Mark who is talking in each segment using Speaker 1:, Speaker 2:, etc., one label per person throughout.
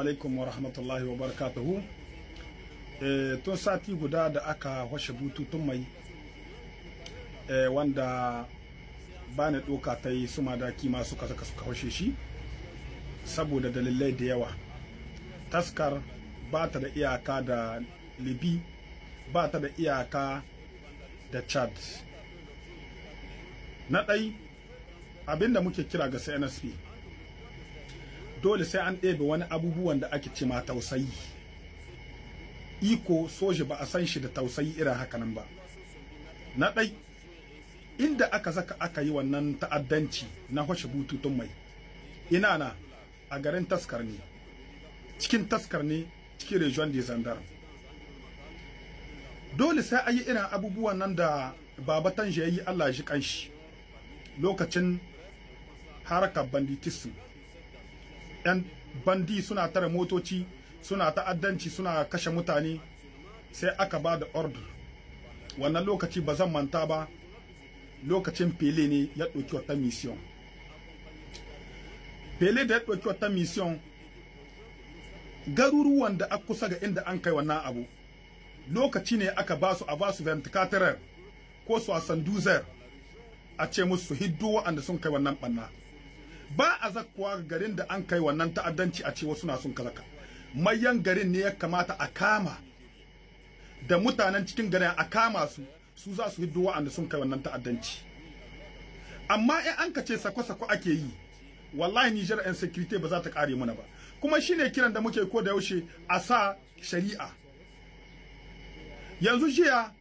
Speaker 1: alaikum wa rahmatullahi wa barakatuhu e, tun sati guda da aka washe bututun mai eh, wanda ba ni doka ta yi su madaki masu kasa suka washe shi saboda dalilai da yawa taskar ba ta da iyaka da libi ba ta da iyaka da chad na ɗai abinda muke kira ga cnsp dole sai an ɗebe wani abubuwan da ake cima tausayi iko soji ba a san shi da tausayi irin hakanan ba na ɗai inda aka zaka aka yi wannan ta'addanci na hoshe bututun mai ina na a garin taskar ne cikin taskar ne cikin region de zandar dole sai a yi irin abubuwan nan da baba tanje yi allah shi kanshi lokacin harakar banditism 'yan bandi suna tare motoci suna ta'addanci suna kashe mutane sai aka ba da order wannan lokaci ba zan manta ba lokacin pele ne ya ɗauki wata mission pele da ya ɗauki wata mission garuruwan da aka kusa ga inda an kai wannan abu lokaci ne aka ba su a ba su ventricatorer ko su a sanduzer a ce musu hiddo wanda sun kai wannan ɓanna ba a zakkuwa garin da an kai wannan ta'addanci a ce wasu na sun kalaka mayan garin ne ya kamata a kama da mutanen cikin garin a kama su su za su yi hiddo da sun kai wannan ta'addanci amma in an ka ce sako-sako ake yi wallahi Nijar yan security ba za ta kare mana ba kuma shine kiran da muke ko da yaushe a sa shari'a yanzu jiya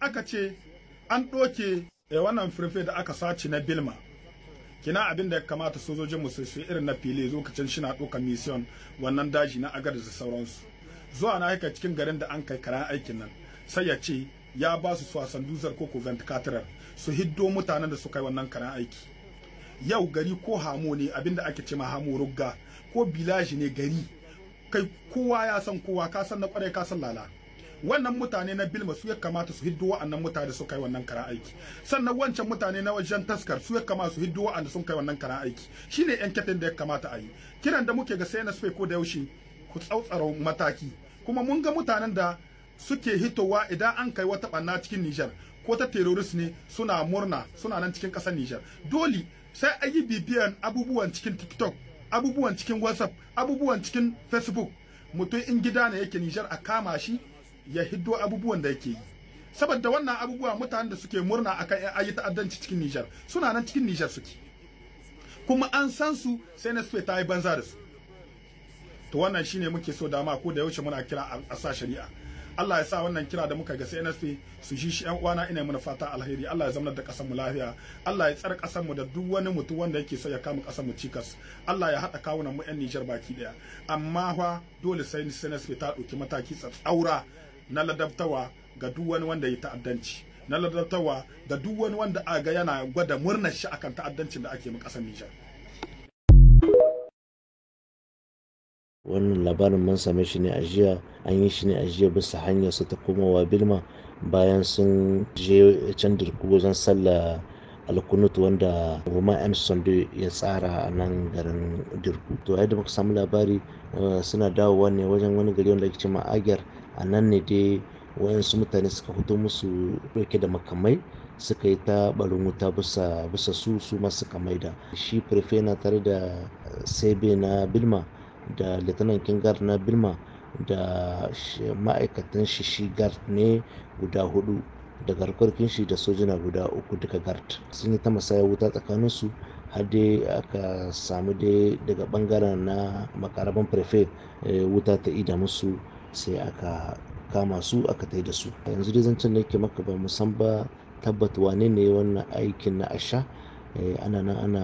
Speaker 1: aka ce an ɗoke eh, wannan firfe da aka sace na Bilma kina abin da ya kamata sojojin mu su irin na fili lokacin shina ɗaukar mission wannan daji na agar da sauransu zuwa na haika cikin garin da an kai karan aikin nan sai ya ce ya ba su swasan duzar ko ko venticatorar su hiddo mutanen da su kai wannan karan aiki yau gari ko hamo ne abin da ake ma hamo rugga ko bilaji ne gari kai kowa ya san kowa ka san na kwarai ka san lala wannan mutane na bilma su ya kamata su hiddo wa'annan mutane su kai wannan kara aiki sannan wancan mutane na wajen taskar su ya kamata su hiddo a sun kai wannan kara aiki shine yan katin da ya kamata a yi kiran da muke ga sai na ko da yaushe ku tsautsaro mataki kuma mun ga mutanen da suke hitowa idan an kai wata banna cikin Nijar ko ta terrorist ne suna murna suna nan cikin ƙasar Nijar dole sai a yi bibiyan abubuwan cikin TikTok abubuwan cikin WhatsApp abubuwan cikin Facebook mutum in gida ne yake Nijar a kama shi ya hiddo abubuwan da yake yi saboda wannan abubuwa mutanen da suke murna akan yan ayi ta'addanci cikin Nijar suna nan cikin Nijar suke kuma an san su sai na suke ta yi banza da su to wannan shine muke so dama ko da yaushe muna kira a sa shari'a Allah ya sa wannan kira da muka ga sai NSP su shi shi ƴan uwana ina muna fata alheri Allah ya zama da ƙasar mu lafiya Allah ya tsare ƙasar mu da duk wani mutum wanda yake so ya kama ƙasar mu cikas Allah ya haɗa kawunan mu ƴan Niger baki daya amma fa dole sai NSP ta dauki mataki tsatsaura na ladabtawa ga duk wani wanda ya ta'addanci na ladabtawa ga duk wani wanda ga yana gwada murnar shi akan ta'addancin da ake mu ƙasar Nijar
Speaker 2: wannan labarin mun same shi ne a jiya an yi shi ne a jiya bisa hanyar su ta komawa bilma bayan sun je can dirku wajen sallah alkunut wanda Roma M. Sunday ya tsara a nan garin Dirku. To yadda muka samu labari eh, suna dawowa ne wajen wani gari wanda ake cewa Agyar a nan ne dai wayansu mutane suka fito musu ɗauke da makamai suka yi ta ɓarin wuta bisa bisa su su ma suka maida shi prefe na tare da sebe na bilma da lieutenant kingar na bilma da ma'aikatan shi shi gard ne guda hudu daga garkwarkin shi da sojina guda uku duka gard sun yi ta masaya wuta tsakaninsu har dai aka samu dai daga bangaren na makarabin prefe eh, wuta ta ida musu sai aka kama su aka tai da su yanzu dai zancen da yake maka ba mu san ba tabbat wane ne wannan aikin na asha eh, ana nan ana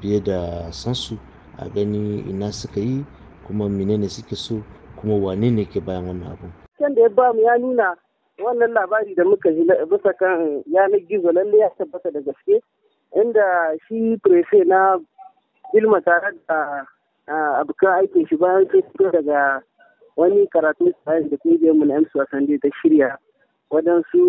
Speaker 2: biye da sansu a gani ina suka yi kuma menene suke so kuma wane ne ke bayan wannan abu
Speaker 3: can da ya bamu ya nuna wannan labari da muka ji bisa kan yanar gizo lallai ya tabbata da gaske inda shi prefe na ilma tare da ah, abokan aikin shi bayan sun daga wani karatun science da kungiyarmu na wasan dai ta shirya waɗansu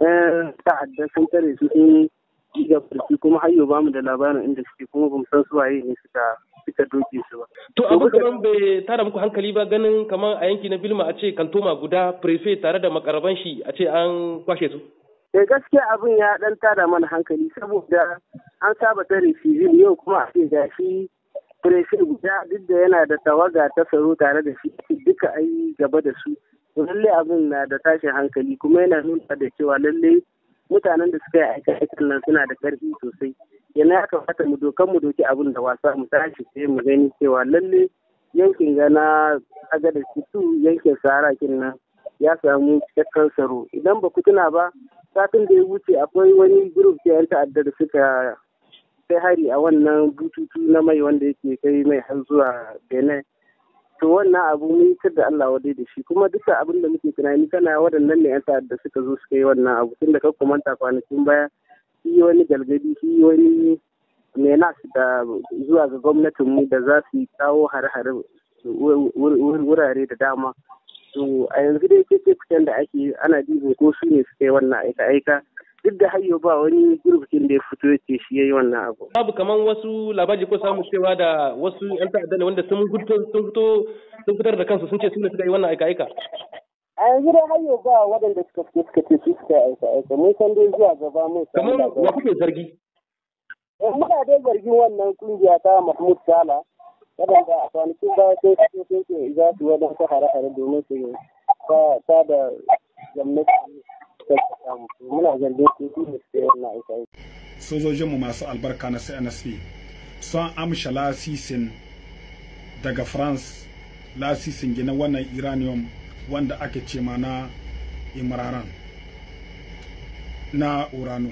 Speaker 3: yan ta'adda sun tare su sun yi ga kuma har bamu da labarin inda suke kuma ba mu san su waye ne suka fita doki su ba. To abu kaman
Speaker 4: bai tara muku hankali ba ganin kamar a yanki na Bilma a ce kantoma guda prefe tare da makaraban shi a ce an kwashe su.
Speaker 3: da eh, gaskiya abin ya dan tara mana hankali saboda an saba tare shi yau kuma a ce gashi Prefe guda duk da yana da tawaga ta tsaro tare da shi duka a yi gaba da su. Lalle abin na da tashin hankali kuma yana nuna da cewa lalle mutanen da suka yi aika-aikan nan suna da ƙarfi sosai. Yana ya kamata mu dokan mu doki abin da wasa mu tashi sai mu gani cewa lalle yankin gana aga da su yankin sahara kin ya samu cikakken tsaro. Idan ba ku tuna ba satin da ya wuce akwai wani gurup ta 'yan ta'adda da suka kai hari a wannan bututu na mai wanda yake kai mai har zuwa benin to wannan abu mun yi da Allah wa da shi kuma duka abin da muke tunani kana waɗannan ne yan da suka zo suka yi wannan abu tun da ka kumanta kwanakin baya shi wani galgadi shi wani menas da zuwa ga gwamnatin mu da za su kawo hare-hare wurare da dama to a yanzu dai fitan da ake ana dibo ko su ne suka yi wannan aika-aika duk da hayo ba wani gurbin da ya fito ya ce shi yayi wannan abu
Speaker 4: babu kaman wasu labari ko samu cewa da wasu yan ta'adda ne wanda sun fito sun fito sun fitar da kansu sun ce sun ne suka yi wannan aika aika
Speaker 3: a yanzu dai hayo ba waɗanda suka fito suka ce sun suka aika aika mun san dai zuwa gaba mun san Kamar wa kuke zargi eh, muna dai zargin wannan kungiya ta Mahmud Sala waɗanda a kwanakin baya sai su sun ce za su waɗansu hare-hare domin su ta da gwamnati
Speaker 1: samu sojojinmu masu albarka na CNSP sun amsha lasisin daga France lasisin gina wannan uranium wanda ake ce na imraran na urano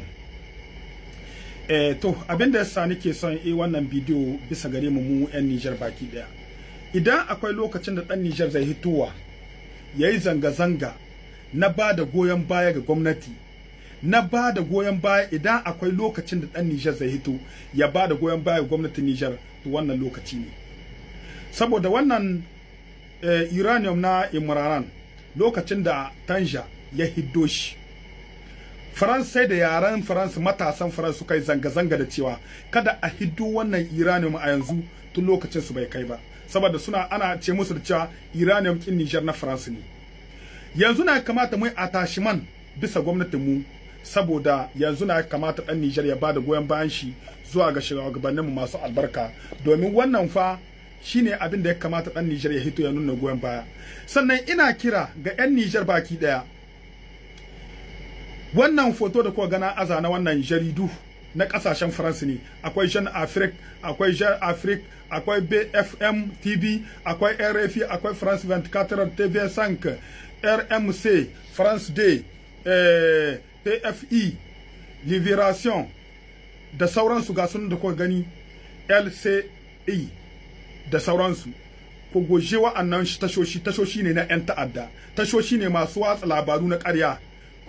Speaker 1: eh to abinda Sani nake son yi wannan bidiyo bisa gare mu mu yan Nijar baki daya idan akwai lokacin da dan Nijar zai hitowa ya yi zanga zanga na ba da goyon baya ga gwamnati na ba da goyon baya idan akwai lokacin da ɗan Nijar zai hito ya ba da goyon baya ga gwamnatin Nijar to wannan lokaci ne saboda wannan eh, uranium na Imran lokacin da Tanja ya hiddo shi Faransai da yaren Faransa matasan Faransa suka zanga-zanga da cewa kada a hiddo wannan uranium a yanzu tun lokacin su bai kai ba saboda suna ana ce musu da cewa uranium kin Nijar na Faransa ne yanzu na kamata mu atashiman bisa gwamnatin mu saboda yanzu na kamata dan Nijar ya bada goyon bayan shi zuwa ga shugabannin mu masu albarka domin wannan fa shine abin da ya kamata dan Nijar ya hito ya nuna goyon baya sannan ina kira ga yan Nijar baki daya wannan foto da kuka gana aza na wannan jaridu na kasashen faransa ne akwai jean afrique akwai jean afrique akwai bfm tv akwai rfi akwai france 24 tv 5 RMC, France Day, eh, TFI, Liberation, da sauransu ga sun da kuka gani LCI da sauransu. Ku goje wa'annan tashoshi, tashoshi ne na 'yan ta'adda, tashoshi ne masu watsa labaru na ƙarya,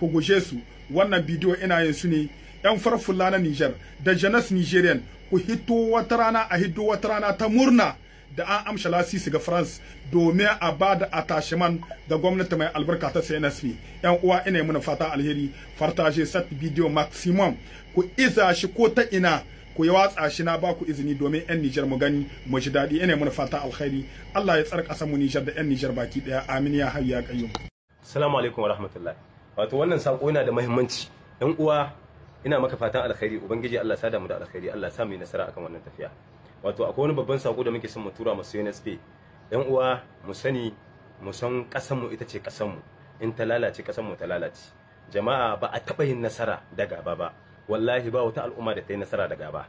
Speaker 1: kogo goje su, wannan bidiyo ina yin su ne 'yan farfulla na Niger da Janas Nigerian, ku hito wata rana a hiddo wata rana ta murna. da an amsha lasisi ga France domin a ba da attachment da gwamnati mai albarka ta CNSP. Yan uwa ina yi muna fata alheri fartashe sat video maximum ku iza shi ko ta ina ku yi watsa shi na ba ku izini domin yan Nijar mu gani mu ji daɗi ina yi muna fata alheri Allah ya tsarka ƙasar mu Nijar da yan Nijar baki ɗaya amin ya hayya kayyum.
Speaker 4: Assalamu alaikum wa rahmatullahi. Wato wannan sako yana da muhimmanci. Yan uwa ina maka fatan alheri ubangiji Allah sa sada mu da alheri Allah sa mu nasara akan wannan tafiya. wato akwai wani babban sako da muke son mu tura masu UNSP yan uwa mu sani mu san kasan mu ita ce kasan mu in ta lalace kasan mu ta lalace jama'a ba a taba yin nasara da gaba ba wallahi ba wata al'umma da ta yi nasara da gaba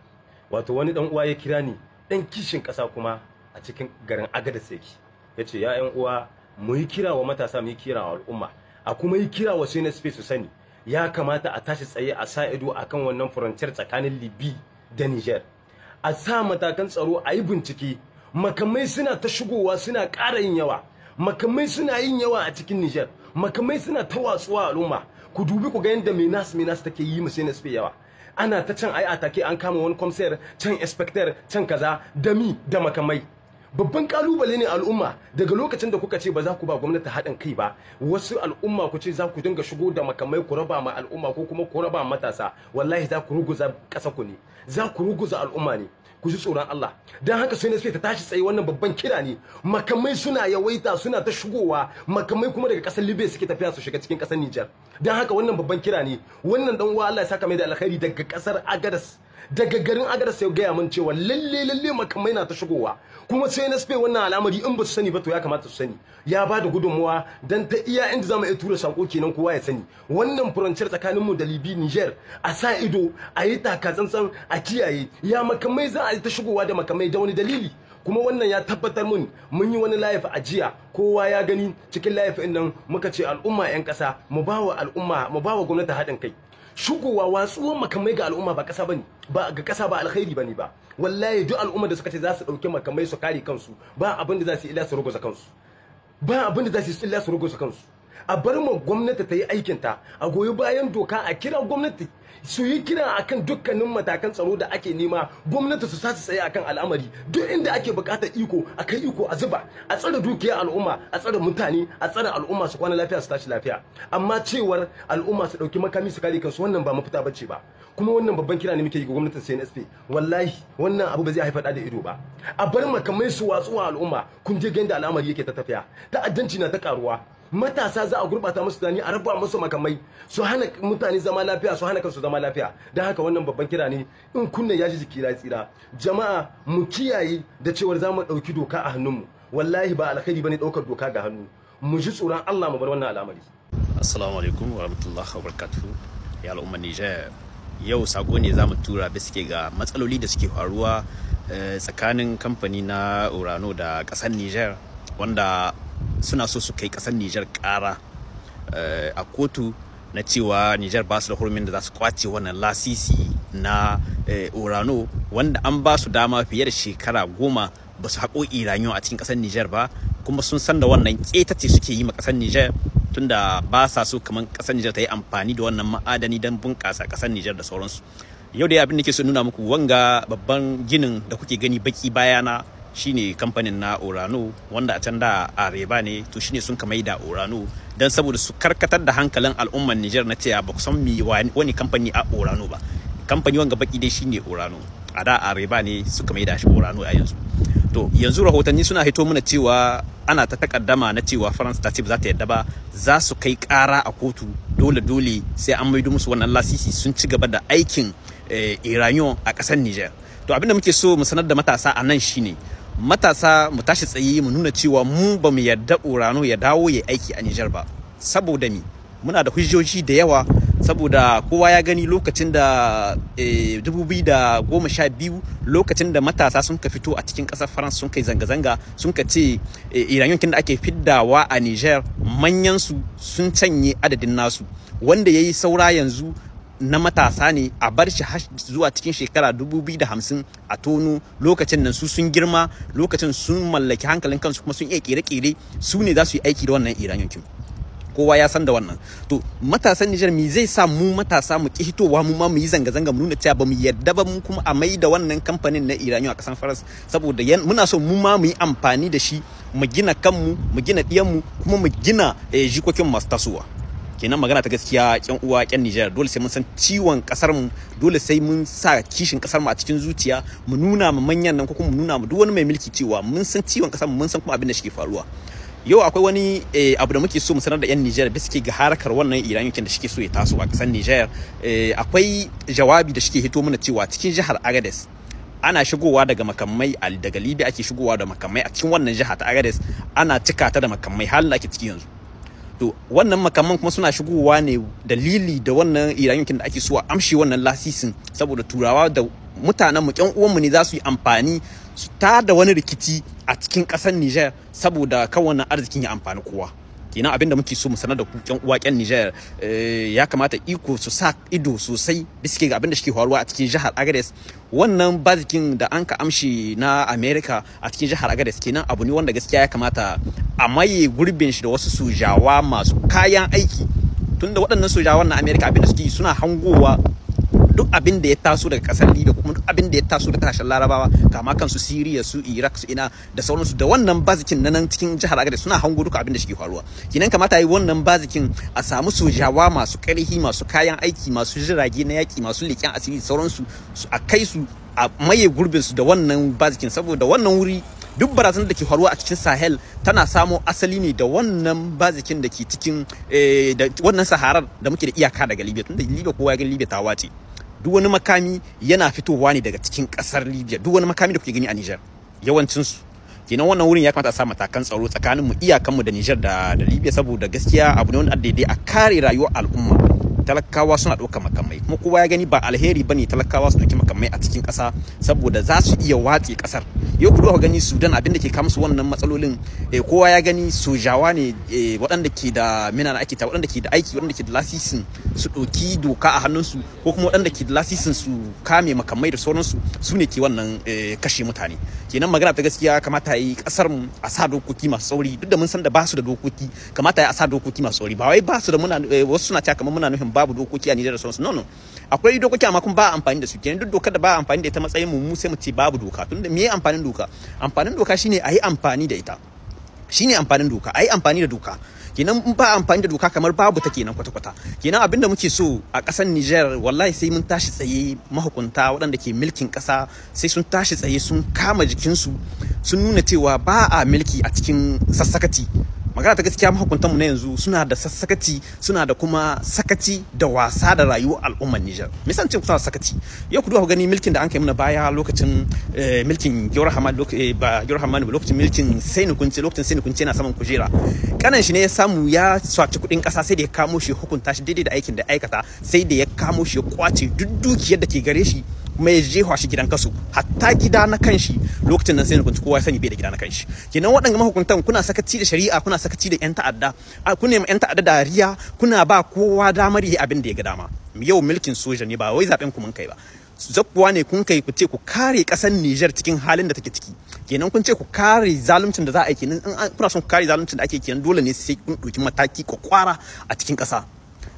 Speaker 4: wato wani dan uwa ya kira ni dan kishin kasa kuma a cikin garin Agada Seki yace ya yan uwa mu yi kira wa matasa mu yi kira wa al'umma a kuma yi kira wa UNSP su sani ya kamata a tashi tsaye a sa ido akan wannan frontier tsakanin Libi da Niger a sa matakan tsaro a yi bincike makamai suna ta shigowa suna ƙara yin yawa makamai suna yin yawa a cikin Nijar makamai suna ta watsuwa al'umma ku dubi ku ga yadda minas minas take yi mace na yawa ana ta can ai atake an kama wani kwamsayar can inspector can kaza da mi da makamai babban kalubale ne al'umma daga lokacin da kuka ce ba za ku ba gwamnati haɗin kai ba wasu al'umma ku ce za ku dinga shigo da makamai ku raba ma al'umma ko kuma ku raba matasa wallahi za ku ruguza ƙasa ku ne za ku ruguza al'umma ne ku ji tsoron Allah dan haka sai na ta tashi tsaye wannan babban kira ne makamai suna yawaita suna ta shigowa makamai kuma daga ƙasar Libya suke tafiya su shiga cikin ƙasar Nijar don haka wannan babban kira ne wannan dan uwa Allah ya saka mai da alkhairi daga ƙasar Agadas daga garin agadas ya gaya mun cewa lalle lalle makamai na ta shigowa kuma sai na spain wannan al'amari in ba su sani ba to ya kamata su sani ya ba da gudunmuwa dan ta iya inda zamu iya tura sako kenan kowa ya sani wannan furanciyar tsakanin mu da libi niger a sa ido a yi taka tsantsan a kiyaye ya makamai za a yi ta shigowa da makamai da wani dalili kuma wannan ya tabbatar mun mun yi wani laifi a jiya kowa ya gani cikin laifin in nan muka ce al'umma 'yan ƙasa mu wa al'umma mu bawa gwamnati haɗin kai shugowa watsuwan makamai ga al'umma ba kasa bane ba ga kasa ba alkhairi bane ba wallahi duk al'umma da suka ce za su dauki makamai su kare kansu ba abin da za su illa su rugo kansu ba abin da za su illa su rugo kansu a bar mu gwamnati ta yi aikin ta a goyi bayan doka a kira gwamnati su yi kira akan dukkanin matakan tsaro da ake nema gwamnati su sasu tsaye akan al'amari duk inda ake bukatar iko kai iko a zuba a tsare dukiyar al'umma a tsare mutane a tsare al'umma su kwana lafiya su tashi lafiya amma cewar al'umma su dauki makami su kare kansu wannan ba mafita bace ba kuma wannan babban kira ne muke yi ga gwamnatin CNSP wallahi wannan abu ba zai haifar da ido ba a bar makamai su watsuwa al'umma kun je ga yadda al'amari yake ta tafiya ta'addanci na ta karuwa matasa za a gurbata musu tunani a raba musu makamai su hana mutane zama lafiya su hana kansu zama lafiya don haka wannan babban kira ne in kunna ya ji jiki ya tsira jama'a mu kiyaye da cewar za mu ɗauki doka a hannunmu wallahi ba alkhairi ne ɗaukar doka ga hannu mu ji tsoron Allah mu bar wannan al'amari
Speaker 5: assalamu alaikum wa rahmatullahi wa ya al'umma nijar yau sako ne za mu tura biske ga matsaloli da suke faruwa eh, tsakanin kamfani na urano da ƙasar nijar wanda suna so su kai kasar Nijar ƙara eh, a kotu na cewa Nijar ba su da hurumin da za su kwace wannan lasisi na eh, Orano wanda an ba su dama fiye da shekara goma ba su haƙo iraniyo a cikin kasar Nijar ba kuma sun san da wannan ƙetace suke yi ma kasar Nijar tunda ba sa so kamar kasar Nijar ta yi amfani da wannan ma'adani don bunƙasa kasar Nijar da sauransu. Yau da abin da ke so nuna muku wanga babban ginin da kuke gani baki bayana shine kamfanin na Orano wanda a can da Areba ne to shine sun kamai da Orano dan saboda su karkatar da hankalin al'ummar Niger na cewa ba ku san mi wani kamfani a Orano ba kamfani wanga baki dai shine Orano a da Areba ne su kamai da shi Orano a yanzu to yanzu rahotanni suna hito mana cewa ana ta takaddama na cewa France ta ce ba za ta yadda ba za su kai kara a kotu dole dole sai an maido musu wannan lasisi sun ci gaba da aikin eh, iraniyon a ƙasar Niger to abinda muke so mu sanar da matasa a nan shine matasa mu tashi tsaye mu nuna cewa mu ba mu yarda urano ya dawo ya aiki a Nijar ba saboda mi muna da hujjoji da yawa saboda kowa ya gani lokacin eh, da goma sha biyu lokacin da matasa sun ka fito a cikin ƙasar faransa sun kai zanga-zanga sun ka ce yankin eh, da ake fiddawa a niger manyansu sun canye adadin nasu wanda ya yi saura yanzu na matasa ne a bar shi zuwa cikin shekara 2050 a tono lokacin nan su sun girma lokacin sun mallaki hankalin kansu kuma sun iya kere-kere su ne za su yi aiki da wannan iran yankin kowa ya san da wannan to matasan Nijar mi zai sa mu matasa mu ki hitowa mu ma mu yi zanga-zanga mu nuna cewa ba mu yarda ba mu kuma a mai da wannan kamfanin na Iran a kasan Faras saboda muna so mu ma mu yi amfani da shi mu gina kanmu mu gina diyanmu kuma mu gina eh, jikokin masu tasowa kenan magana ta gaskiya kyan uwa kyan Nijar dole sai mun san ciwon kasar mu dole sai mun sa kishin kasar mu a cikin zuciya mu nuna mu manyan nan ko kuma mu nuna mu duk wani mai mulki cewa mun san ciwon kasar mu mun san kuma abin da shi faruwa yau akwai wani eh, abu da muke so mu sanar da 'yan Nijar da suke ga harkar wannan iraniyancin da suke so ya taso a kasar Nijar eh, akwai jawabi da suke hito mana cewa cikin jihar Agadez ana shigowa daga makamai daga Libya ake shigowa da makamai a cikin wannan jiha ta Agadez ana cika ta da makamai halin da ake ciki yanzu to wannan makaman kuma suna shigowa ne dalili da wannan iranikin da ake so a amshi wannan lasisin saboda turawa da mutanenmu ƙyan uwanmu ne za su yi amfani su tada wani rikici a cikin ƙasar niger saboda kan wannan arzikin ya amfani kowa kenan abin da muke so mu sanar da ku ƴan uwa Niger eh, ya kamata iko su sa ido sosai biske ga da suke faruwa a cikin jihar Agadez wannan bazikin da an ka amshi na America a cikin jihar Agadez kenan abu ne wanda gaskiya ya kamata a maye gurbin shi da wasu sojawa masu kayan aiki tunda waɗannan sojawan na America abin da suke suna hangowa duk abin da ya taso daga kasar Libya kuma duk abin da ya taso daga kasashen Larabawa kama kansu Syria su Iraq su ina da sauransu da wannan bazikin na nan cikin jihar Agadez suna hango duka abin da shi faruwa kinan kamata yi wannan bazikin a samu sojawa masu karhi masu kayan aiki masu jirage na yaki masu leƙen asiri sauransu a kai su a maye gurbin su da wannan bazikin saboda wannan wuri duk barazanar da ke faruwa a cikin sahel tana samo asali ne da wannan bazikin da ke cikin eh, wannan saharar da muke da iyaka daga libya tunda libya kowa ya ga libya ta wace duk wani makami yana fitowa ne daga cikin kasar libya duk wani makami da kuke gani a niger su kenan wannan wurin ya kamata a sa matakan tsaro tsakanin mu iyakan mu da niger da, da libya saboda gaskiya abu ne wanda daidai a kare rayuwar al'umma talakawa suna ɗauka makamai kuma kowa ya gani ba alheri ba ne talakawa su ɗauki makamai a cikin ƙasa saboda za su iya watse ƙasar yau ku ka gani sudan abinda ke kamsu wannan matsalolin eh, kowa ya gani sojawa ne eh, waɗanda ke da mina na ake ta waɗanda ke da aiki waɗanda ke da lasisin su ɗauki doka a hannunsu ko kuma waɗanda ke da lasisin su kame makamai da sauransu su ne ke wannan eh, kashe mutane kenan magana ta gaskiya kamata yi ƙasar mu a sa dokoki masu sauri duk da mun san da ba su da dokoki kamata yi a sa dokoki masu sauri ba wai ba su da muna wasu suna ta kamar muna nufin babu dokoki a Nijar da sauransu no no akwai dokoki amma kuma ba amfani da su kenan duk dokar da ba amfani da ita matsayin mu mu sai mu ce babu doka da me amfanin doka amfanin doka shine a yi amfani da ita shine amfanin doka a yi amfani da doka kenan in ba amfani da doka kamar babu ta kenan kwata-kwata kenan abin da muke so a ƙasar Nijar wallahi sai mun tashi tsaye mahukunta waɗanda ke milkin ƙasa sai sun tashi tsaye sun kama jikinsu sun nuna cewa ba a milki a cikin sassakati magana ta gaskiya mahukuntan mu na yanzu suna da sassakaci suna da kuma sakaci da wasa da rayuwar al'ummar Niger san ce kusa sakaci yau ku duba gani milkin da an kai mana baya lokacin eh, milkin Gyor Hamad eh, ba Gyor Hamad lokacin milkin Sainu Kunce lokacin Sainu Kunce yana saman kujera kanan shi ne ya samu ya swaci kudin kasa sai da ya kamo shi hukunta shi daidai da aikin da aikata sai da ya kamo shi ya kwace duk dukiyar da ke gare shi kuma ya je shi gidan kasu hatta gida na kanshi lokacin nan sai na kunci kowa ya sani bai da gida na kanshi kenan waɗannan mahukuntan kuna sakaci da shari'a kuna sakaci da yan ta'adda ku ne yan ta'adda dariya kuna ba kowa damar yi abin da ya ga dama yau mulkin soja ne ba wai zaben ku mun kai ba zakkuwa ne kun kai ku ce ku kare kasar Niger cikin halin da take ciki kenan kun ce ku kare zaluncin da za a yi kenan kuna son ku kare zaluncin da ake kenan dole ne sai kun ɗauki mataki kwakwara a cikin ƙasa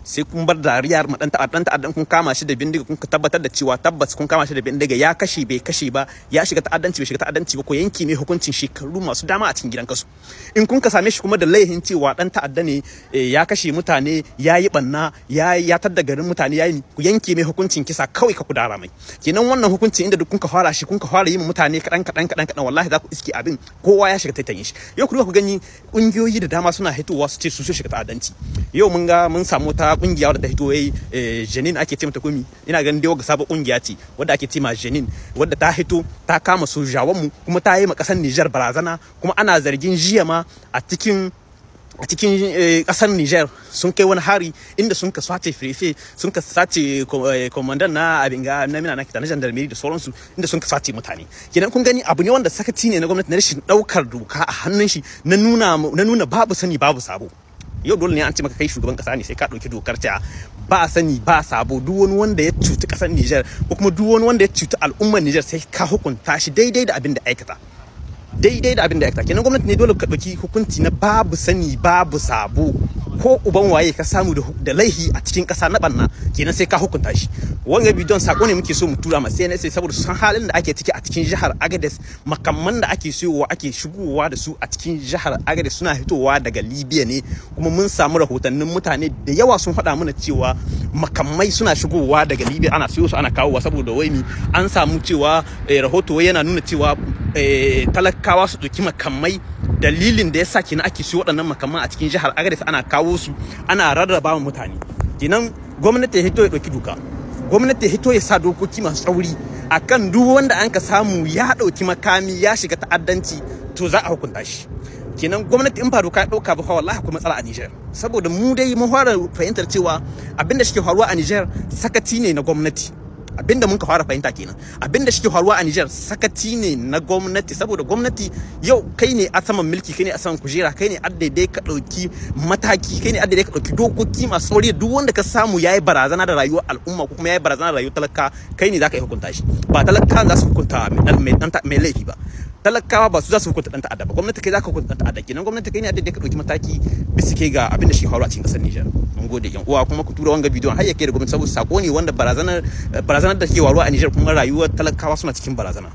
Speaker 5: sai kun bar dariyar ma dan ta'addan ta'addan kun kama shi da bindiga kun tabbatar da cewa tabbas kun kama shi da bindiga ya kashe bai kashe ba ya shiga ta'addanci bai shiga ta'addanci ba ko yanki ne hukuncin shekaru masu dama a cikin gidan kasu in kun ka same shi kuma da laihin cewa dan ta'adda ne eh, ya kashe mutane ya yi banna ya ya tadda garin mutane ya ku yanke mai hukuncin kisa kawai ka kudara mai kenan wannan hukuncin inda duk kun ka fara shi kun ka fara yi mutane kadan kadan kadan kadan wallahi za ku iske abin kowa ya shiga taitayin shi yau ku ku gani kungiyoyi da dama suna hitowa su ce su shiga ta'addanci yau mun ga mun samu ta wata kungiya wadda ta hito yayi eh, eh, Jenin ake ce mata kumi ina ganin dai wagga sabon kungiya ce wadda ake ce ma Jenin wadda ta hito ta kama sojawan mu kuma ta yi ma kasar Niger barazana kuma ana zargin jiya ma a cikin a cikin kasar eh, Niger sun kai wani hari inda sun ka sace firife sun ka sace komandan na abinga na mina na kita na gendarmerie da sauransu inda sun ka sace mutane kenan kun gani abu ne wanda sakaci ne na gwamnati na rashin daukar doka a hannun shi na nuna babu sani babu sabo yau dole ne an ce maka kai shugaban kasa ne sai ka dauki dokar ta ba sani ba sabo duk wani wanda ya cuci kasar Nijar ko kuma duk wani wanda ya cuci al'ummar Niger sai ka hukunta shi daidai da abin da aikata daidai da abin da aikata kenan gwamnati ne dole ka ɗauki hukunci na babu sani babu sabo ko uban waye ka samu da laihi a cikin ƙasa na banna kenan sai ka hukunta shi wanga bidon sako ne muke so mu tura ma sai-sai saboda san halin da ake ciki a cikin jihar Agadez makamman da ake siyowa ake shigowa da su a cikin jihar Agadez suna hitowa daga Libya ne kuma mun samu rahotannin mutane da yawa sun faɗa mana cewa makamai suna shigowa daga Libya ana siyo su ana kawowa saboda waimi an samu cewa eh, rahoto yana nuna cewa eh, talakawa su doki makamai dalilin da ya sa kina ake siyo waɗannan makaman a cikin jihar Agadez ana kawo su ana rarraba wa mutane kenan gwamnati ya hito ya ɗauki duka gwamnati ya hito ya sa dokoki masu tsauri akan duk wanda an ka samu ya ɗauki makami ya shiga ta'addanci to za a hukunta shi kenan gwamnati in ba doka ya ɗauka ba fa wallahi akwai matsala a Niger saboda mu dai mun fara fahimtar cewa abin da ke faruwa a Niger sakaci ne na gwamnati abinda mun ka fara fahimta kenan abinda shi ke faruwa a Niger sakaci ne na gwamnati saboda gwamnati yau kai ne a saman mulki kai ne a saman kujera kai ne dai ka dauki mataki kai ne dai ka dauki dokoki masu sauri duk wanda ka samu yayi barazana da rayuwar al'umma ko kuma yayi barazana da rayuwar talaka kai ne zaka yi hukunta shi ba talaka za su hukunta mai laifi ba talakawa ba su za su hukunta dan ta'adda ba gwamnati kai za ka hukunta dan ta'adda kenan gwamnati kai ne da ka dauki mataki bisa ke ga abin da shi faru a cikin kasar Niger mun gode yan uwa kuma ku tura wanga bidiyon har yake da gwamnati saboda sako ne wanda barazanar eh, barazanar da ke waruwa a Niger kuma rayuwar talakawa suna cikin barazana